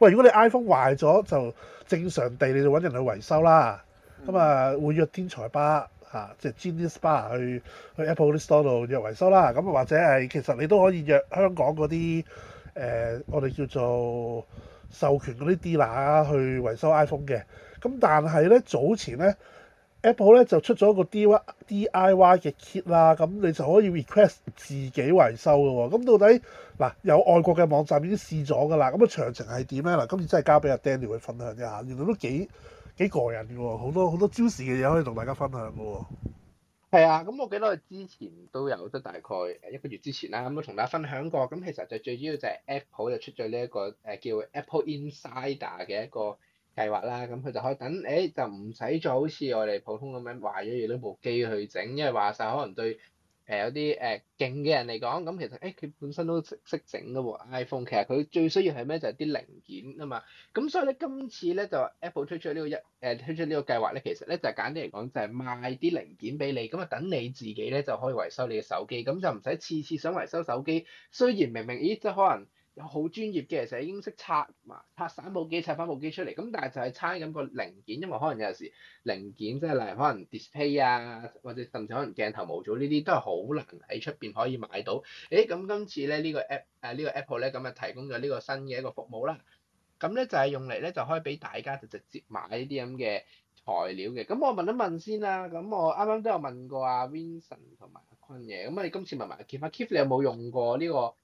喂，如果你 iPhone 壞咗，就正常地你就揾人去維修啦。咁啊、嗯嗯，會約天才吧，嚇、就，是、即係 Genius Bar 去去 Apple Store 度約維修啦。咁、嗯、或者係其實你都可以約香港嗰啲誒，我哋叫做授權嗰啲 dealer 去維修 iPhone 嘅。咁、嗯、但係呢，早前呢，Apple 咧就出咗個 DIY 嘅 kit 啦，咁你就可以 request 自己維修嘅喎。咁到底嗱有外國嘅網站已經試咗嘅啦，咁啊詳情係點咧？嗱，今次真係交俾阿 Daniel 去分享一下，原來都幾幾過癮嘅喎，好多好多招式嘅嘢可以同大家分享嘅喎。係啊，咁我記得我之前都有，得大概一個月之前啦，咁啊同大家分享過。咁其實就最主要就係 Apple 就出咗呢、呢個、一個誒叫 Apple Insider 嘅一個計劃啦，咁佢就可以等，誒就唔使再好似我哋普通咁樣壞咗要攞部機去整，因為話晒可能對誒有啲誒勁嘅人嚟講，咁其實誒佢本身都識識整㗎喎，iPhone，其實佢最需要係咩？就係啲零件啊嘛，咁所以咧今次咧就 Apple 推出呢個一誒推出呢個計劃咧，其實咧就簡單嚟講就係賣啲零件俾你，咁啊等你自己咧就可以維修你嘅手機，咁就唔使次次想維修手機，雖然明明咦即係可能。好專業嘅就已經識拆嘛，拆散部機拆翻部機出嚟，咁但係就係差咁個零件，因為可能有陣時零件即係例如可能 display 啊，或者甚至可能鏡頭模組呢啲都係好難喺出邊可以買到。誒、欸、咁今次咧呢、這個 app 誒、啊這個、呢個 Apple 咧咁啊提供咗呢個新嘅一個服務啦。咁咧就係、是、用嚟咧就可以俾大家就直接買呢啲咁嘅材料嘅。咁我問一問先啦，咁我啱啱都有問過阿、啊、Vincent 同埋阿坤嘅，咁啊你今次問埋阿、啊、Kip，Kip 你有冇用過呢、這個？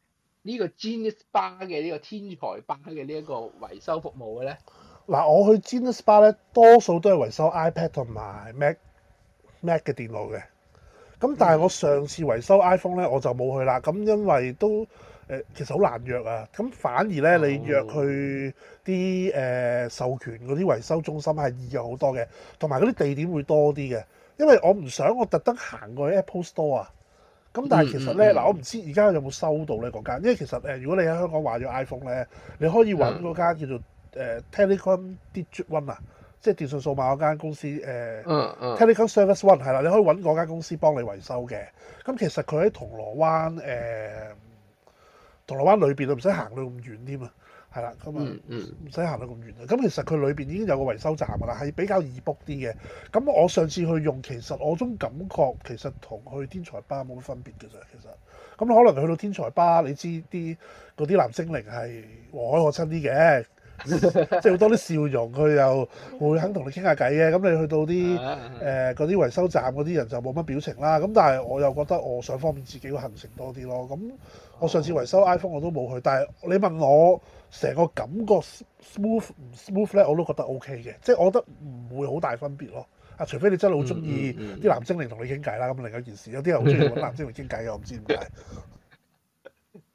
呢個 Genius Bar 嘅呢、呢個天才巴嘅呢一個維修服務嘅咧，嗱、啊，我去 Genius Bar 咧，多數都係維修 iPad 同埋 Mac Mac 嘅電腦嘅。咁但係我上次維修 iPhone 咧，我就冇去啦。咁因為都誒、呃，其實好難約啊。咁反而咧，你約去啲誒、呃、授權嗰啲維修中心係易約好多嘅，同埋嗰啲地點會多啲嘅。因為我唔想我特登行過去 Apple Store 啊。咁但係其實咧，嗱、嗯嗯嗯、我唔知而家有冇收到咧嗰間，因為其實誒、呃、如果你喺香港壞咗 iPhone 咧，你可以揾嗰間叫做誒、嗯呃、Telecom Digital One 啊，即係電訊數碼嗰間公司誒、呃嗯嗯、Telecom Service One 係啦，你可以揾嗰間公司幫你維修嘅。咁、嗯嗯、其實佢喺銅鑼灣誒、呃，銅鑼灣裏邊都唔使行到咁遠添啊！係啦，咁啊唔使行得咁遠啊。咁其實佢裏邊已經有個維修站㗎啦，係比較易 book 啲嘅。咁我上次去用，其實我種感覺其實同去天才吧冇乜分別嘅啫。其實咁可能去到天才吧，你知啲嗰啲藍精靈係和藹可親啲嘅，即係 好多啲笑容。佢又會肯同你傾下偈嘅。咁你去到啲誒嗰啲維修站嗰啲人就冇乜表情啦。咁但係我又覺得我想方便自己個行程多啲咯。咁我上次維修 iPhone 我都冇去，但係你問我。成個感覺 smooth 唔 smooth 咧，我都覺得 O K 嘅，即係我覺得唔會好大分別咯。啊，除非你真係好中意啲藍精靈同你傾偈啦，咁另一件事，有啲人好中意揾藍精靈傾偈嘅， 我唔知點解。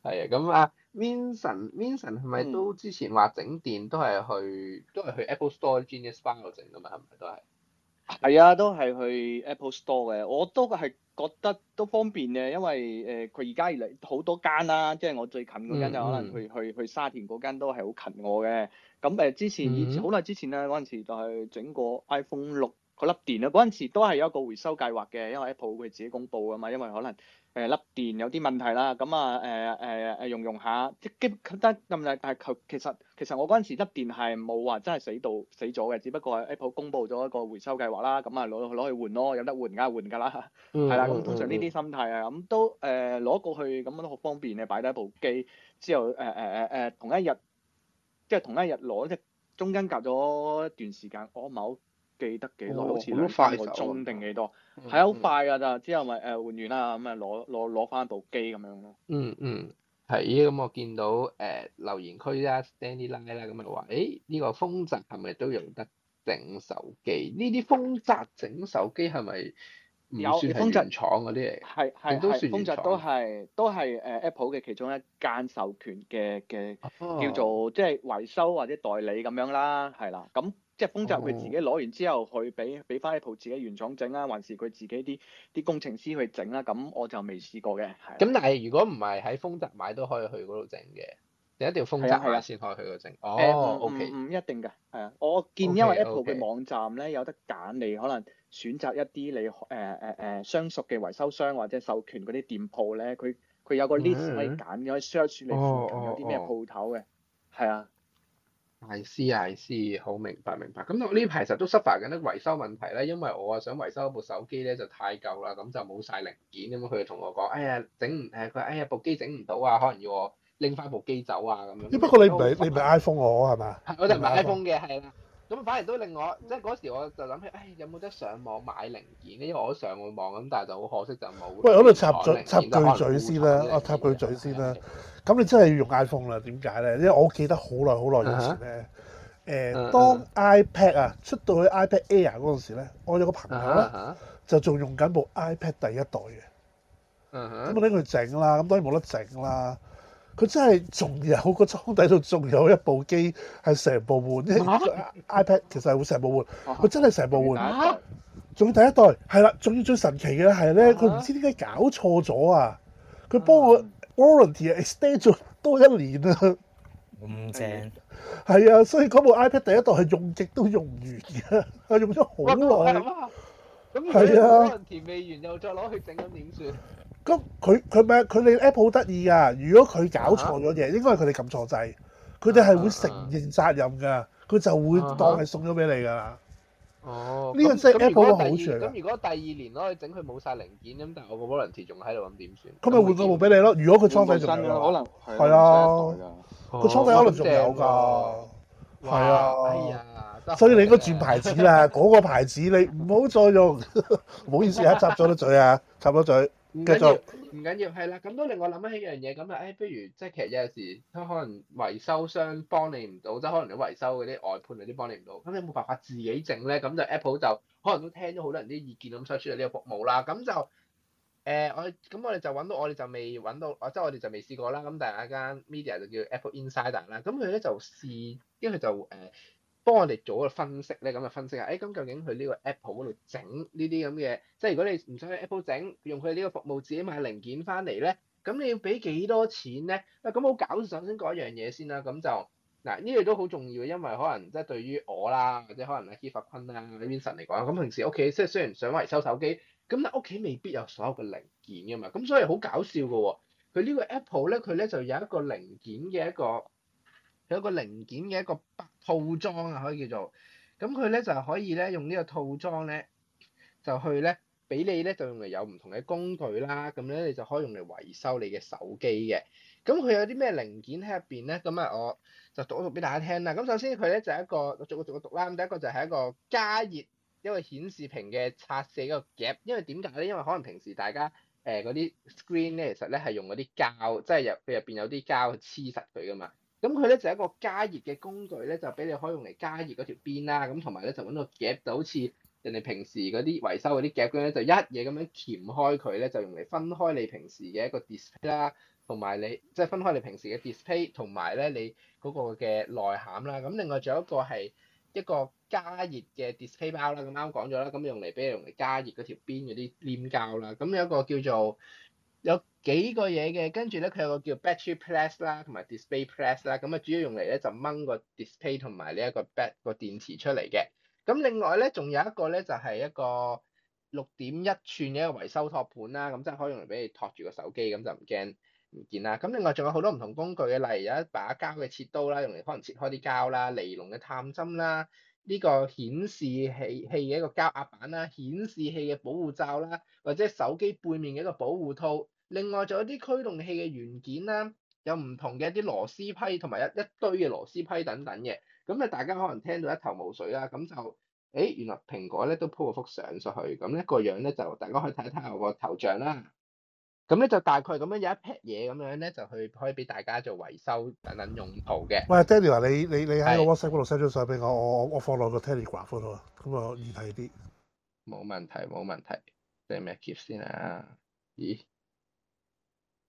係啊，咁啊，Vincent，Vincent 係咪都之前話整電都係去、嗯、都係去 Apple Store Genius Bar 度整㗎嘛？係咪都係？係啊，都係去 Apple Store 嘅，我都係覺得都方便嘅，因為誒佢而家嚟好多間啦，即係我最近嗰間就可能去嗯嗯去去、去沙田嗰間都係好近我嘅。咁誒、呃、之前好耐、嗯、之前咧嗰陣時就係整過 iPhone 六嗰粒電啦，嗰陣時都係有一個回收計劃嘅，因為 Apple 佢自己公佈㗎嘛，因為可能。誒、呃，粒電有啲問題啦，咁、呃、啊，誒誒誒，用用下，即係基得咁耐，但係佢其實其實我嗰陣時粒電係冇話真係死到死咗嘅，只不過係 Apple 公佈咗一個回收計劃啦，咁啊攞攞去換咯，有得換梗係換㗎啦，係、mm hmm。啦，咁通常呢啲心態啊，咁、嗯、都誒攞、呃、過去，咁、嗯、都好方便嘅，擺低部機之後誒誒誒誒同一日，即係同一日攞，即係中間隔咗一段時間，我冇。記得幾多、哦、好似兩個鐘定幾多？係好快㗎咋，之、嗯、後咪誒換完啦，咁啊攞攞攞翻部機咁樣咯、嗯。嗯嗯，係。咁我見到誒留言區啦 Stanley 啦，咁啊話誒呢個豐澤係咪都用得整手機？呢啲豐澤整手機係咪？有豐澤廠嗰啲嚟㗎。係都係豐澤都係都係誒、呃、Apple 嘅其中一間授權嘅嘅、哦、叫做即係維修或者代理咁樣啦，係啦咁。即係豐澤佢自己攞完之後去，佢俾俾翻 Apple 自己原廠整啊，還是佢自己啲啲工程師去整啊？咁我就未試過嘅。咁但係如果唔係喺豐澤買，都可以去嗰度整嘅。你一定要豐澤啦先可以去嗰度整？哦，唔唔、欸、Okay 一定㗎。係啊，我見因為 Apple 嘅網站咧有得揀，你可能選擇一啲你誒誒誒相熟嘅維修商或者授權嗰啲店鋪咧，佢佢有個 list 可以揀，嗯嗯可以 search 你，你附近有啲咩鋪頭嘅。係啊。I see, I see. 好明白明白，咁我呢排其實都 suffer 緊啲維修問題啦，因為我啊想維修一部手機咧就太舊啦，咁就冇晒零件咁樣，佢就同我講，哎呀整唔，誒佢誒部機整唔到啊，可能要我拎翻部機走啊咁樣。不過你唔係你唔係 iPhone 我係嘛？我就唔係 iPhone 嘅，係啦。咁反而都令我，即係嗰時我就諗起，誒、哎、有冇得上網買零件咧？因為我都上過網，咁但係就好可惜就冇。喂，我喺度插嘴，插句嘴先啦，我插句嘴先啦。咁、okay. 你真係要用 iPhone 啦？點解咧？因為我記得好耐好耐以前咧，誒當 iPad 啊出到去 iPad Air 嗰陣時咧，我有個朋友咧、uh huh. 就仲用緊部 iPad 第一代嘅。咁、uh huh. 我拎佢整啦，咁當然冇得整啦。佢真係仲有、個倉底度仲有一部機係成部換，iPad 其實係會成部換，佢真係成部換。仲要、啊、第一代係啦，仲要最神奇嘅係咧，佢唔知點解搞錯咗啊！佢幫我 Warranty extend 咗多一年啊，唔、嗯、正係啊，所以嗰部 iPad 第一代係用極都用唔完㗎，係用咗好耐。咁啊，咁你保修期未完再又再攞去整，咁點算？佢佢咪佢哋 Apple 好得意噶，如果佢搞錯咗嘢，應該係佢哋撳錯掣，佢哋係會承認責任㗎，佢就會當係送咗俾你㗎啦。哦，呢個即係 Apple 嘅好處啊，咁如果第二年咯，你整佢冇晒零件咁，但係我個 volunteer 仲喺度，咁點算？佢咪換個部俾你咯？如果佢倉費仲真㗎，可能係啊，佢倉費可能仲有㗎，係啊。哎呀，所以你應該轉牌子啦，嗰個牌子你唔好再用。唔好意思啊，插咗個嘴啊，插咗嘴。唔緊要，唔緊要，係啦。咁都令我諗起一樣嘢，咁就誒，不如即係其實有時都可能維修商幫你唔到，即係可能你維修嗰啲外判嗰啲幫你唔到。咁你冇辦法自己整咧？咁就 Apple 就可能都聽咗好多人啲意見，咁所以出咗呢個服務啦。咁就誒，我咁我哋就揾到，我哋就未揾到，即係我哋就未試過啦。咁但係一間 media 就叫 Apple Insider 啦，咁佢咧就試，因為佢就誒。呃幫我哋做個分析咧，咁就分析下，誒、欸、咁究竟佢呢個 Apple 嗰度整呢啲咁嘅，即係如果你唔想喺 Apple 整，用佢呢個服務自己買零件翻嚟咧，咁你要俾幾多錢咧？啊咁好搞笑，首先講一樣嘢先啦、啊，咁就嗱呢樣都好重要，因為可能即係對於我啦，或者可能係、啊、希法坤啦、啊、李遠神嚟講，咁、嗯、平時屋企即係雖然想維修手機，咁但屋企未必有所有嘅零件㗎嘛，咁所以好搞笑㗎喎、啊。佢呢個 Apple 咧，佢咧就有一個零件嘅一個。佢有一個零件嘅一個套裝啊，可以叫做咁佢咧就係可以咧用呢個套裝咧就去咧俾你咧就用嚟有唔同嘅工具啦。咁咧你就可以用嚟維修你嘅手機嘅。咁佢有啲咩零件喺入邊咧？咁啊，我就讀一讀俾大家聽啦。咁首先佢咧就係、是、一個，我逐個逐個讀啦。咁第一個就係一個加熱一個顯示屏嘅拆卸嘅夾，因為點解咧？因為可能平時大家誒嗰啲 screen 咧，其實咧係用嗰啲膠，即係入佢入邊有啲膠去黐實佢㗎嘛。咁佢咧就一個加熱嘅工具咧，就俾你可以用嚟加熱嗰條邊啦。咁同埋咧就揾個夾，就好似人哋平時嗰啲維修嗰啲夾咧就一嘢咁樣鉗開佢咧，就用嚟分開你平時嘅一個 display 啦，同埋你即係分開你平時嘅 display 同埋咧你嗰個嘅內涵啦。咁另外仲有一個係一個加熱嘅 display 包啦。咁啱講咗啦，咁用嚟俾你用嚟加熱嗰條邊嗰啲黏膠啦。咁有一個叫做。有幾個嘢嘅，跟住咧佢有個叫 Battery Press 啦，同埋 Display Press 啦，咁啊主要用嚟咧就掹個 Display 同埋呢一個 Bat 個電池出嚟嘅。咁另外咧仲有一個咧就係、是、一個六點一吋嘅一個維修托盤啦，咁即係可以用嚟俾你托住個手機，咁就唔驚唔見啦。咁另外仲有好多唔同工具嘅，例如有一把膠嘅切刀啦，用嚟可能切開啲膠啦，尼龍嘅探針啦。呢個顯示器器嘅一個加壓板啦，顯示器嘅保護罩啦，或者手機背面嘅一個保護套，另外仲有啲驅動器嘅元件啦，有唔同嘅一啲螺絲批同埋一一堆嘅螺絲批等等嘅，咁啊大家可能聽到一頭霧水啦，咁就，誒原來蘋果咧都 po 咗幅相上去，咁、那、一個樣咧就大家可以睇一睇我個頭像啦。咁咧就大概咁樣有一批嘢咁樣咧，就去可以俾大家做維修等等用途嘅。喂 Terry 話你你你喺個 WhatsApp 嗰度 send 張相俾我，我放我放落個 Telegram 度，咁啊易睇啲。冇問題，冇問題。訂咩 key 先啦，咦？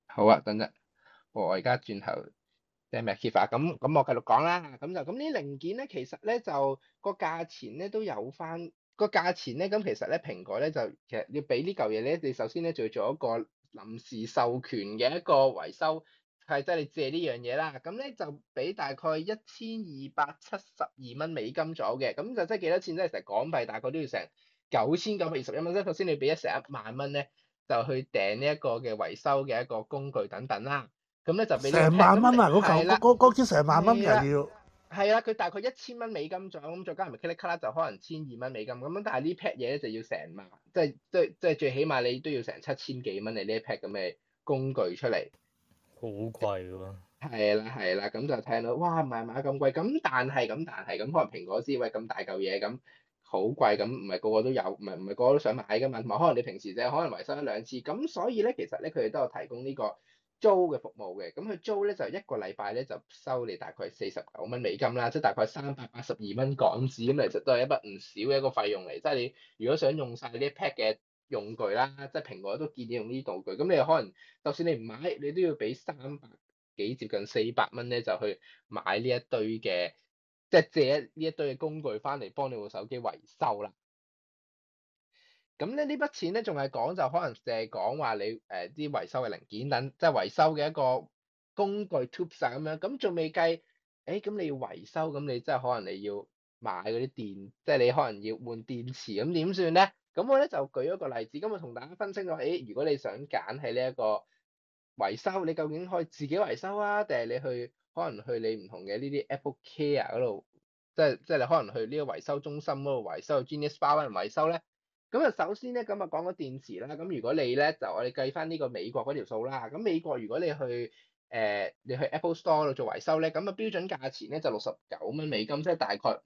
好啊，等陣。哦，我而家轉頭訂咩 key 啊？咁咁我，我繼續講啦。咁就咁啲零件咧，其實咧就個價錢咧都有翻個價錢咧。咁其實咧，蘋果咧就其實要俾呢嚿嘢咧，你首先咧就要做一個。臨時授權嘅一個維修係，即係你借呢樣嘢啦，咁呢就畀大概一千二百七十二蚊美金左右嘅，咁就即係幾多錢？即係成港幣大概都要成九千九百二十一蚊。即係頭先你畀咗成一萬蚊呢，就去訂呢一個嘅維修嘅一個工具等等啦。咁呢就畀成萬蚊呀！嗰個嗰個叫成萬蚊又要。係啦，佢、啊、大概一千蚊美金左右，咁再加埋，咔哩咔啦就可能千二蚊美金咁樣。但係呢 pair 嘢咧就要成萬，即係即係即係最起碼你都要成七千幾蚊你呢 pair 咁嘅工具出嚟，好貴喎、啊。係啦係啦，咁就聽到哇，唔係買咁貴，咁但係咁但係咁，可能蘋果知喂咁大嚿嘢咁好貴，咁唔係個個都有，唔係唔係個個都想買噶嘛。同埋可能你平時就可能維修一兩次，咁所以咧其實咧佢哋都有提供呢、呢個，租嘅服務嘅，咁佢租咧就一個禮拜咧就收你大概四十九蚊美金啦，即係大概三百八十二蚊港紙，咁其實都係一筆唔少嘅一個費用嚟。即係你如果想用晒呢一 pad 嘅用具啦，即係蘋果都建議用呢啲道具，咁你可能就算你唔買，你都要俾三百幾接近四百蚊咧，就去買呢一堆嘅，即係借呢一堆嘅工具翻嚟幫你部手機維修啦。咁咧呢筆錢咧，仲係講就可能淨係講話你誒啲維修嘅零件等，即係維修嘅一個工具 tools 咁樣。咁仲未計，誒 咁、哎、你要維修，咁你即係可能你要買嗰啲電，即係你可能要換電池，咁點算咧？咁我咧就舉一個例子，咁我同大家分清楚：誒、哎、如果你想揀喺呢一個維修，你究竟可以自己維修啊，定係你去可能去你唔同嘅呢啲 Apple Care 嗰度，即係即係你可能去呢個維修中心嗰度維修，Genius Bar 嗰度維修咧？咁啊，首先咧，咁啊講個電池啦。咁如果你咧，就我哋計翻呢個美國嗰條數啦。咁美國如果你去誒、呃，你去 Apple Store 度做維修咧，咁、那、啊、個、標準價錢咧就六十九蚊美金，即係大概五百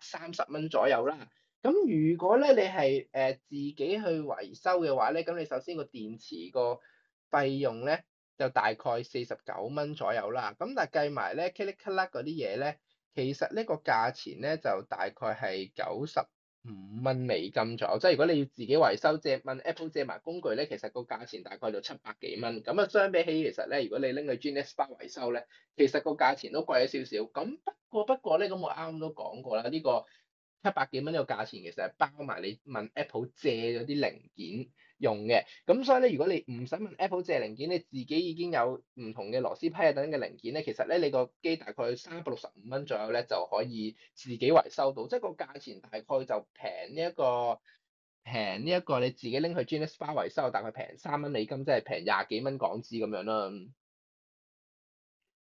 三十蚊左右啦。咁如果咧你係誒自己去維修嘅話咧，咁你首先個電池個費用咧就大概四十九蚊左右啦。咁但係計埋咧，磕哩磕甩嗰啲嘢咧，其實呢個價錢咧就大概係九十五蚊美金左右，即係如果你要自己維修借問 Apple 借埋工具咧，其實個價錢大概就七百幾蚊。咁啊，相比起其實咧，如果你拎去 Genius Bar 維修咧，其實個價錢都貴咗少少。咁不過不過咧，咁我啱啱都講過啦，呢個七百幾蚊呢個價錢其實係包埋你問 Apple 借咗啲零件用嘅，咁所以咧，如果你唔使問 Apple 借零件，你自己已經有唔同嘅螺絲批啊等嘅零件咧，其實咧，你個機大概三百六十五蚊左右咧，就可以自己維修到，即係個價錢大概就平呢一個，平呢一個你自己拎去 Genius Bar 維修，大概平三蚊美金，即係平廿幾蚊港紙咁樣啦。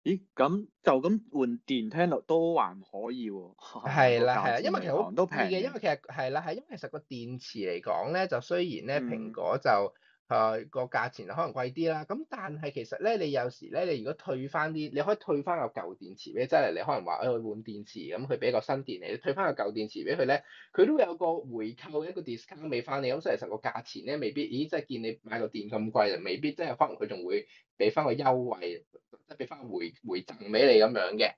咦，咁就咁換電聽落都還可以喎，啊，係啦係啊，因為其實好都平嘅，因為其實係啦係，因為其實個電池嚟講咧，就雖然咧蘋果就。嗯啊個價錢可能貴啲啦，咁但係其實咧，你有時咧，你如果退翻啲，你可以退翻個舊電池俾，即係你可能話誒換電池，咁佢俾個新電嚟你，退翻個舊電池俾佢咧，佢都有個回購一個 discount 俾翻你，咁實在成個價錢咧未必，咦，即係見你買個電咁貴，未必即係可能佢仲會俾翻個優惠，即係俾翻個回回贈俾你咁樣嘅。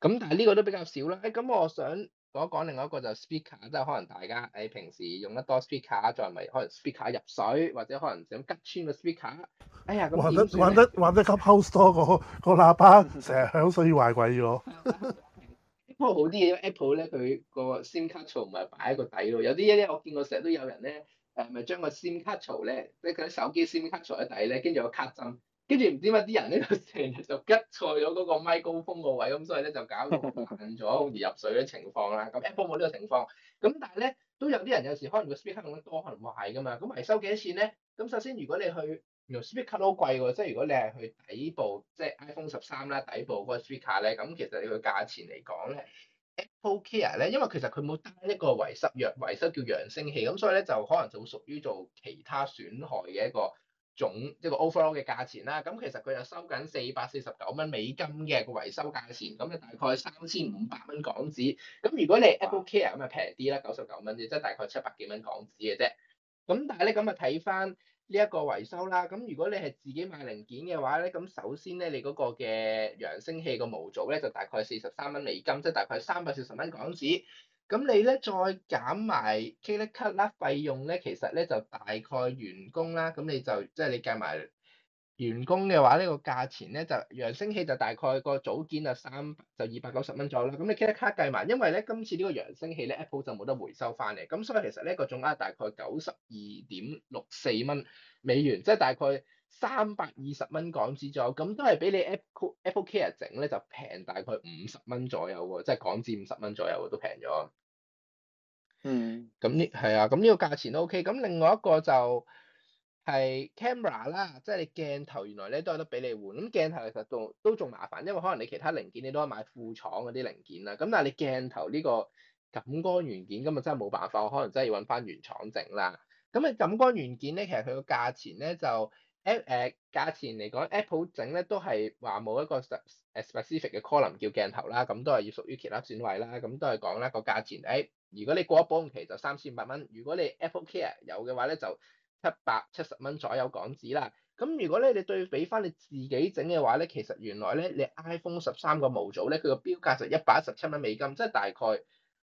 咁但係呢個都比較少啦，誒、欸、咁我想。講一講另外一個就 speaker，即係可能大家誒、哎、平時用得多 speaker，再咪可能 speaker 入水，或者可能想吉穿個 speaker。哎呀，玩得玩得玩得吉 post 多個個喇叭成日響，所以壞鬼咗。不過 好啲嘢因為 Apple 咧佢個 sim 卡槽唔係擺喺個底咯，有啲咧，我見過成日都有人咧誒咪將個 sim 卡槽咧，即係佢啲手機 sim 卡槽喺底咧，跟住有個卡針。跟住唔知點解啲人喺度成日就拮錯咗嗰個麥高峰個位，咁所以咧就搞到咗好易入水嘅情況啦。咁 Apple 冇呢個情況。咁但係咧都有啲人有時可能個 Speaker 用得多，可能壞噶嘛。咁維修幾多錢咧？咁首先如果你去原來 Speaker 都好貴喎，即係如果你係去底部，即係 iPhone 十三啦底部嗰個 Speaker 咧，咁其實你個價錢嚟講咧，Apple Care 咧，因為其實佢冇單一個維修，若維修叫揚聲器，咁所以咧就可能就屬於做其他損害嘅一個。總即係個 overall 嘅價錢啦，咁其實佢又收緊四百四十九蚊美金嘅個維修價錢，咁就大概三千五百蚊港紙。咁如果你 Apple Care 咁就平啲啦，九十九蚊啫，即係大概七百幾蚊港紙嘅啫。咁但係咧咁啊睇翻呢一個維修啦，咁如果你係自己買零件嘅話咧，咁首先咧你嗰個嘅揚聲器個模組咧就大概四十三蚊美金，即係大概三百四十蚊港紙。咁你咧再減埋 credit card 啦，費用咧其實咧就大概員工啦，咁你就即係你計埋員工嘅話，呢個價錢咧就揚聲器就大概個組件啊三就二百九十蚊左右啦，咁你 credit card 計埋，因為咧今次呢個揚聲器咧 Apple 就冇得回收翻嚟，咁所以其實呢個總額大概九十二點六四蚊美元，即係大概。三百二十蚊港紙左右，咁都係俾你 Apple AppleCare 整咧就平大概五十蚊左右喎，即係港紙五十蚊左右都平咗。嗯。咁呢係啊，咁呢個價錢都 OK。咁另外一個就係 camera 啦，即係你鏡頭原來咧都有得俾你換。咁鏡頭其實仲都仲麻煩，因為可能你其他零件你都可以買副廠嗰啲零件啦。咁但係你鏡頭呢個感光元件，咁呢真係冇辦法，我可能真係要揾翻原廠整啦。咁你感光元件咧，其實佢個價錢咧就～誒誒、啊，價錢嚟講，Apple 整咧都係話冇一個誒 specific 嘅 column 叫鏡頭啦，咁都係要屬於其他選位啦，咁都係講啦、嗰個價錢。誒、哎，如果你過咗保用期就三千五百蚊，如果你 AppleCare 有嘅話咧就七百七十蚊左右港紙啦。咁如果咧你對比翻你自己整嘅話咧，其實原來咧你 iPhone 十三個模組咧佢個標價就一百一十七蚊美金，即係大概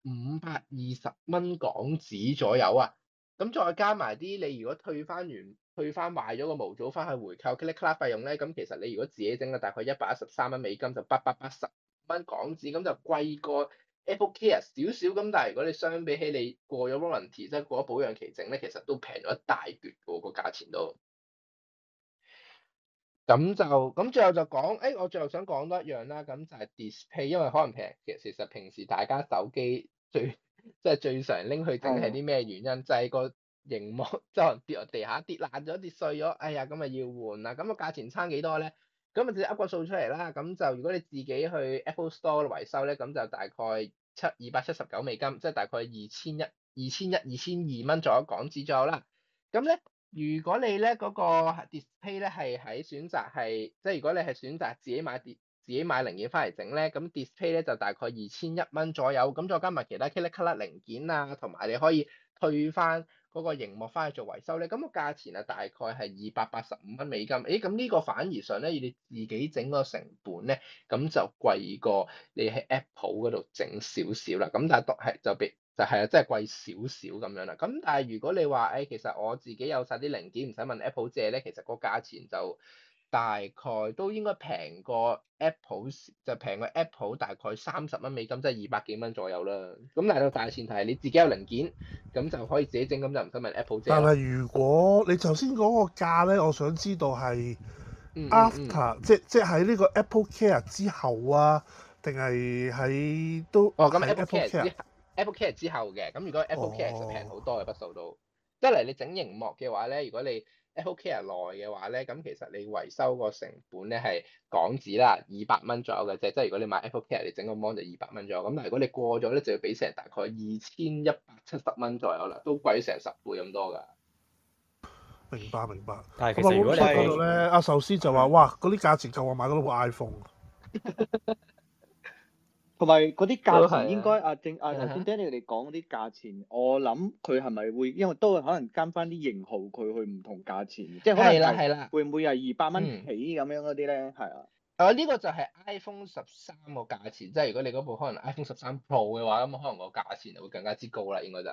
五百二十蚊港紙左右啊。咁再加埋啲你如果退翻完。退翻壞咗個模組翻去回購 click click 費用咧，咁其實你如果自己整嘅，大概一百一十三蚊美金就八百八十蚊港紙，咁就貴過 AppleCare 少少，咁但係如果你相比起你過咗 warranty，即係過咗保養期整咧，其實都平咗一大段喎、啊，個價錢都。咁就咁最後就講，誒、哎、我最後想講多一樣啦，咁就係 display，因為可能平，其實平時大家手機最即係最常拎去整係啲咩原因？嗯、就係個熒幕就跌落地下，跌爛咗、跌碎咗，哎呀，咁咪要換啦。咁啊價錢差幾多咧？咁啊直接噏個數出嚟啦。咁就如果你自己去 Apple Store 維修咧，咁就大概七二百七十九美金，即係大概二千一、二千一、二千二蚊左右港紙左右啦。咁咧，如果你咧嗰個 display 咧係喺選擇係，即係如果你係選擇自己買電、自己買零件翻嚟整咧，咁 display 咧就大概二千一蚊左右，咁再加埋其他 clicker 零件啊，同埋你可以退翻。嗰個熒幕翻去做維修咧，咁個價錢啊大概係二百八十五蚊美金，誒咁呢個反而上咧要你自己整個成本咧，咁就貴過你喺 Apple 嗰度整少少啦，咁但係都係就別就係啊，即係貴少少咁樣啦，咁但係如果你話誒其實我自己有晒啲零件唔使問 Apple 借咧，其實個價錢就～大概都應該平過 Apple 就平過 Apple 大概三十蚊美金，即係二百幾蚊左右啦。咁但係個大前提係你自己有零件，咁就可以自己整，咁就唔使問 Apple 啫。但係如果你頭先嗰個價咧，我想知道係 after 嗯嗯嗯即即喺呢個 Apple Care 之後啊，定係喺都？哦，咁係 Apple Care 之後，Apple Care 之後嘅咁，哦、如果 Apple Care 就平好多嘅筆數都，一嚟你整熒幕嘅話咧，如果你 AppleCare 內嘅話咧，咁其實你維修個成本咧係港紙啦，二百蚊左右嘅啫。即係如果你買 AppleCare，你整個 Mon 就二百蚊左右。咁但如果你過咗咧，就要俾成大概二千一百七十蚊左右啦，都貴成十倍咁多㗎。明白明白。但係其實喺嗰度咧，阿、啊、壽司就話，的哇，嗰啲價錢夠我買嗰部 iPhone。 同埋嗰啲價錢應該阿、嗯啊、正阿、啊、Danny 你講嗰啲價錢，uh huh. 我諗佢係咪會因為都係可能跟翻啲型號佢去唔同價錢，即係可能會唔會係二百蚊起咁樣嗰啲咧？係啊，啊呢、嗯呃呢個就係 iPhone 十三個價錢，即係如果你嗰部可能 iPhone 十三 Pro 嘅話，咁可能個價錢就會更加之高啦，應該就。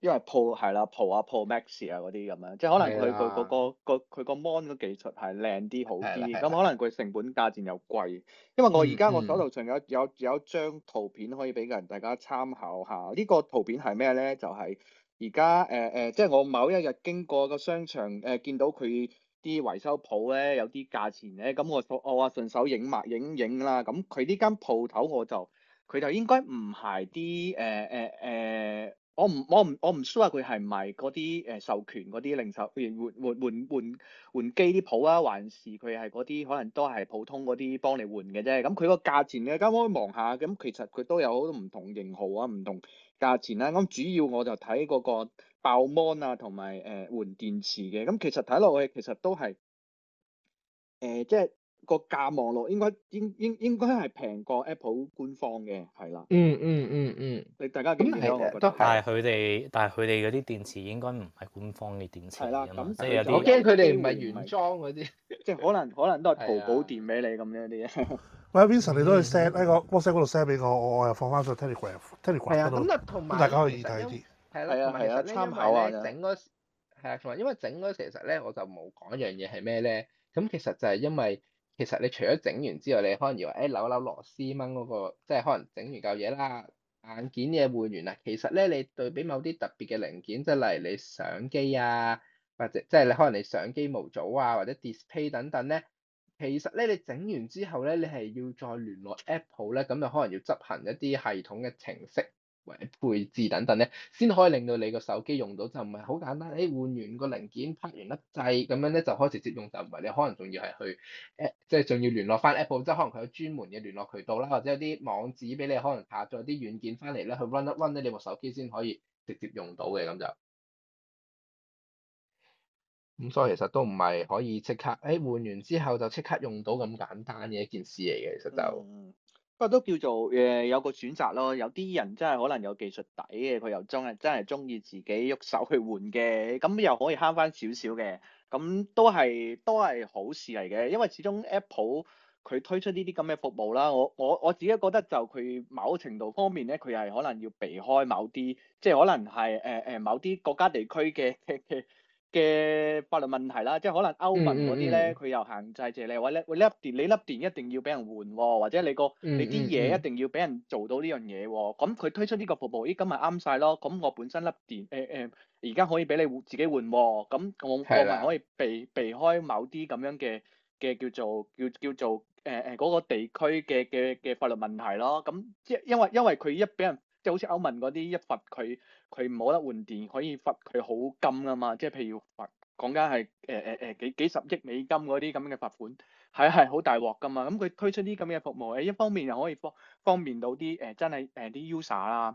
因為 Pro 係啦，Pro 啊，Pro Max 啊嗰啲咁樣，即係可能佢佢嗰個個佢個 mon 嘅技術係靚啲好啲，咁可能佢成本價錢又貴。因為我而家我手頭上有、嗯、有有一張圖片可以俾人大家參考下，呢、這個圖片係咩咧？就係而家誒誒，即係我某一日經過個商場誒、呃，見到佢啲維修鋪咧有啲價錢咧，咁、嗯、我我話順手影埋影影啦，咁佢呢間鋪頭我就佢就應該唔係啲誒誒誒。呃呃呃呃我唔我唔我唔 sure 佢係唔係嗰啲誒授權嗰啲零售換換換換換機啲鋪啊，還是佢係嗰啲可能都係普通嗰啲幫你換嘅啫。咁佢個價錢咧，咁我望下，咁其實佢都有好多唔同型號啊，唔同價錢啦。咁主要我就睇嗰個爆芒啊，同埋誒換電池嘅。咁其實睇落去其實都係誒即係。呃就是個價望落應該應應應該係平過 Apple 官方嘅，係啦。嗯嗯嗯嗯。你大家咁，但係佢哋但係佢哋嗰啲電池應該唔係官方嘅電池。係啦，咁即係我驚佢哋唔係原裝嗰啲，即係可能可能都係淘寶店俾你咁樣啲嘢。喂，Vincent，你都可以 send 喺個 WhatsApp 嗰度 send 俾我，我又放翻上 Telegram，Telegram 嗰度。係啊，咁就同埋大家可以耳睇啲。係啦，係啊，參考啊。因為整嗰時係啊，同埋因為整嗰時其實咧，我就冇講一樣嘢係咩咧？咁其實就係因為。其實你除咗整完之外，你可能以為誒、哎、扭扭螺絲掹嗰、那個，即係可能整完嚿嘢啦，硬件嘢換完啦。其實咧，你對比某啲特別嘅零件，即係例如你相機啊，或者即係你可能你相機模組啊，或者 display 等等咧，其實咧你整完之後咧，你係要再聯絡 Apple 咧，咁就可能要執行一啲系統嘅程式。配置等等咧，先可以令到你個手機用到，就唔係好簡單。誒、哎、換完個零件，拆完粒掣咁樣咧，就可以直接用，就唔係，你可能仲要係去誒、啊，即係仲要聯絡翻 Apple，即係可能佢有專門嘅聯絡渠道啦，或者有啲網址俾你，可能下載啲軟件翻嚟咧，去 run 一 run 咧，你部手機先可以直接用到嘅咁就。咁所以其實都唔係可以即刻誒、哎、換完之後就即刻用到咁簡單嘅一件事嚟嘅，其實就。嗯不過都叫做誒、呃、有個選擇咯，有啲人真係可能有技術底嘅，佢又中係真係中意自己喐手去換嘅，咁、嗯、又可以慳翻少少嘅，咁、嗯、都係都係好事嚟嘅，因為始終 Apple 佢推出呢啲咁嘅服務啦，我我我自己覺得就佢某程度方面咧，佢係可能要避開某啲，即係可能係誒誒某啲國家地區嘅。 嘅法律問題啦，即係可能歐盟嗰啲咧，佢又限制住、嗯嗯、你，或者喂你粒電，你粒電一定要俾人換喎、哦，或者你個你啲嘢一定要俾人做到呢樣嘢喎。咁佢推出呢個服務，咦咁咪啱晒咯？咁我本身粒電誒誒，而、呃、家、呃、可以俾你自己換喎、哦。咁我、嗯、的我咪可以避避開某啲咁樣嘅嘅叫做叫叫做誒誒嗰個地區嘅嘅嘅法律問題咯。咁即係因為因為佢一俾人。好似歐文嗰啲一罰佢佢冇得換電，可以罰佢好金啊嘛！即係譬如罰講緊係誒誒誒幾幾十億美金嗰啲咁嘅罰款，係係好大鑊噶嘛！咁、嗯、佢推出啲咁嘅服務，誒一方面又可以方方便到啲誒、呃、真係誒啲 user 啦。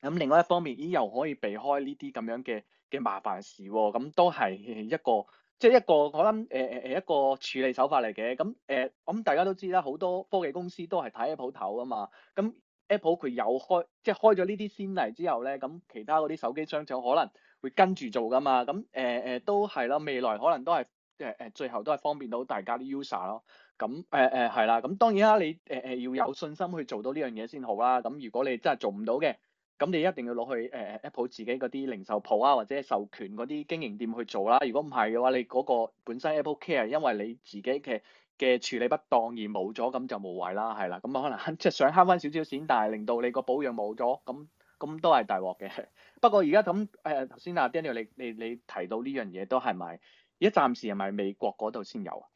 咁、嗯、另外一方面，咦又可以避開呢啲咁樣嘅嘅麻煩事喎、啊。咁、嗯、都係一個即係一個我諗誒誒誒一個處理手法嚟嘅。咁、嗯、誒，我、呃嗯、大家都知啦，好多科技公司都係睇 Apple 頭啊嘛。咁、嗯 Apple 佢有開，即係開咗呢啲先例之後咧，咁其他嗰啲手機商就可能會跟住做㗎嘛。咁誒誒都係咯，未來可能都係誒誒，最後都係方便到大家啲 user 咯。咁誒誒係啦。咁、呃、當然啦，你誒誒、呃、要有信心去做到呢樣嘢先好啦。咁如果你真係做唔到嘅，咁你一定要攞去誒、呃、Apple 自己嗰啲零售鋪啊，或者授權嗰啲經營店去做啦。如果唔係嘅話，你嗰個本身 Apple Care 因為你自己嘅嘅處理不當而冇咗，咁就無謂啦，係啦，咁可能即係想慳翻少少錢，但係令到你個保養冇咗，咁咁都係大鑊嘅。 不過而家咁誒頭先阿 Daniel，你你你提到呢樣嘢都係咪？而家暫時係咪美國嗰度先有啊？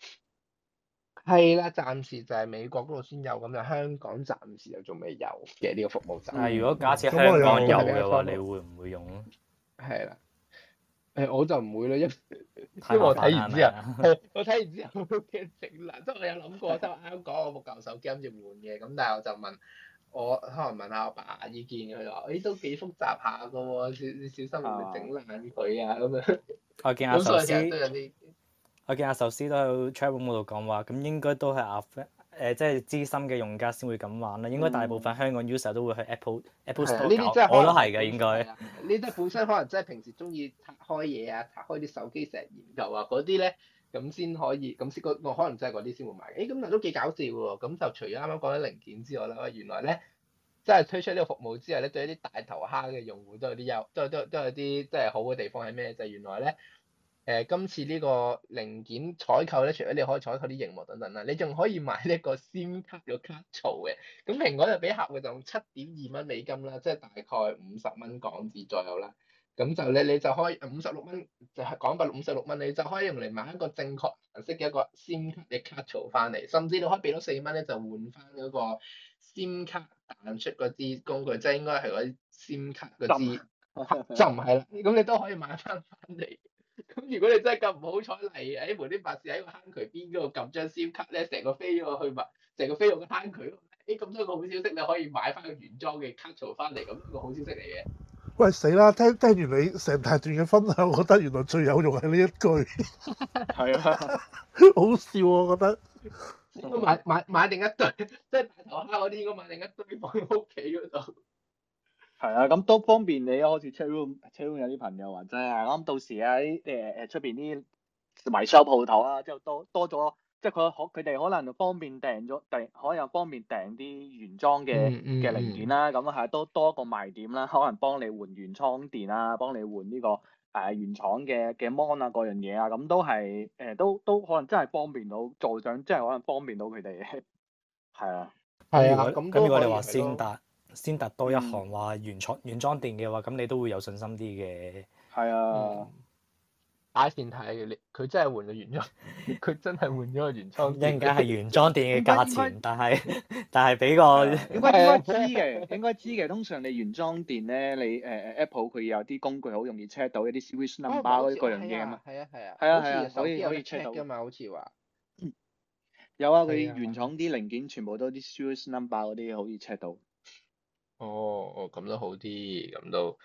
係啦，暫時就係美國嗰度先有，咁就香港暫時又仲未有嘅呢、呢個服務站。係、嗯、如果假設香港有嘅話，你會唔會用咧？係啦。誒我就唔會啦，因為我睇完之後，我睇完之後驚整爛，即係我有諗過，即係我啱講我部舊手機諗住換嘅，咁但係我就問我可能問下我爸意見，佢話誒都幾複雜下噶喎，小心整爛佢啊咁樣。我見阿壽司，我見阿壽司都喺度，channel 度講話，咁應該都係阿誒、呃、即係資深嘅用家先會咁玩啦，應該大部分香港 user 都會去 Apple、嗯、Apple Store。呢啲真係我都係嘅應該。呢啲本身可能真係平時中意拆開嘢啊，拆開啲手機成日研究啊嗰啲咧，咁先可以，咁先個我可能真係嗰啲先會買。誒咁都幾搞笑喎！咁就除咗啱啱講緊零件之外啦，原來咧，即係推出呢個服務之後咧，對一啲大頭蝦嘅用戶都有啲優，都都都有啲即係好嘅地方係咩？就係、原來咧。誒、呃、今次呢個零件採購咧，除咗你可以採購啲熒幕等等啦，你仲可以買呢一個 SIM 卡嘅卡槽嘅。咁蘋果就俾客戶就用七點二蚊美金啦，即係大概五十蚊港紙左右啦。咁就咧你，你就可以，五十六蚊就係講緊五十六蚊，你就可以用嚟買一個正確顏色嘅一個 SIM 卡嘅卡槽翻嚟，甚至你可以俾到四蚊咧，就換翻嗰個 SIM 卡彈出嗰支工具，即係應該係嗰啲 SIM 卡嗰支，就唔係啦。咁你都可以買翻翻嚟。咁如果你真係咁唔好彩嚟，哎，無端白事喺個坑渠邊度撳張燒卡咧，成個飛咗去物，成個飛落個坑渠嗰度，哎，咁多係個好消息，你可以買翻個原裝嘅卡槽翻嚟，咁個好消息嚟嘅。喂死啦，聽聽完你成大段嘅分享，我覺得原來最有用係呢一句，係啊，好笑啊，我覺得。應該買買買定一對，即係大頭蝦嗰啲，應該買另一對放喺屋企，我覺得 係啊，咁都方便你好似車友車友有啲朋友啊，真係啱到時喺誒誒出邊啲維修鋪頭啊，即後多多咗，即係佢可佢哋可能方便訂咗訂，可能方便訂啲原裝嘅嘅零件啦，咁係都多個賣點啦，可能幫你換原廠電啊，幫你換呢個誒原廠嘅嘅 mon 啊各樣嘢啊，咁都係誒都都可能真係方便到做上，真係可能方便到佢哋。係啊，係啊，咁咁如果我哋話先打。先突多一行話原廠原裝電嘅話，咁你都會有信心啲嘅。係啊，擺電睇你，佢真係換咗原裝，佢真係換咗個原裝。應該係原裝電嘅價錢，但係但係俾個應該應該知嘅，應該知嘅。通常你原裝電咧，你誒 Apple 佢有啲工具好容易 check 到一啲 serial number 嗰樣嘢嘛。係啊係啊。係啊係啊，可以可以 check 到嘛？好似話有啊，佢原廠啲零件全部都啲 serial number 嗰啲，好易 check 到。哦，哦，咁都好啲，咁都，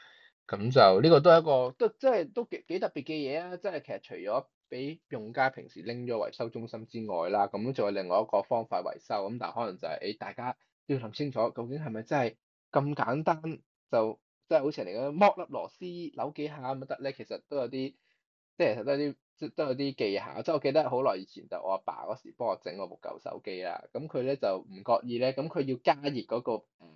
咁就呢、這個都係一個，都即係都幾幾特別嘅嘢啊！即係其實除咗俾用家平時拎咗維修中心之外啦，咁仲有另外一個方法維修，咁但係可能就係、是、誒、欸、大家要諗清楚，究竟係咪真係咁簡單就即係好似人哋講剝粒螺絲扭幾下咁咪得咧？其實都有啲～即係其實都係啲，即都有啲技巧。即係我記得好耐以前就我阿爸嗰時幫我整我部舊手機啦。咁佢咧就唔覺意咧，咁佢要加熱嗰個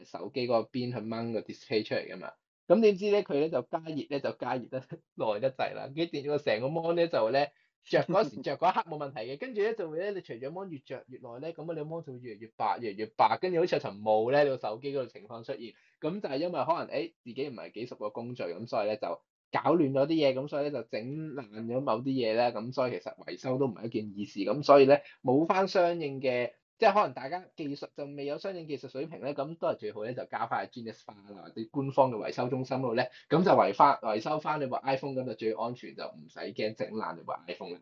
手機嗰個邊去掹個 display 出嚟㗎嘛。咁點知咧佢咧就加熱咧就，就加熱得耐得滯啦。跟住變咗成個芒 o 咧就咧着嗰時刻冇問題嘅。跟住咧就會咧，你除咗芒越着越耐咧，咁啊你芒就會越嚟越白，越嚟越白，跟住好似有層霧咧，個手機嗰個情況出現。咁就係因為可能誒、哎、自己唔係幾熟個工序，咁所以咧就。搞亂咗啲嘢，咁所以咧就整爛咗某啲嘢咧，咁所以其實維修都唔係一件易事，咁所以咧冇翻相應嘅，即係可能大家技術就未有相應技術水平咧，咁都係最好咧就交翻去 Genius 啦，或者官方嘅維修中心嗰度咧，咁就維翻維修翻你部 iPhone 咁就最安全，就唔使驚整爛你部 iPhone 啦。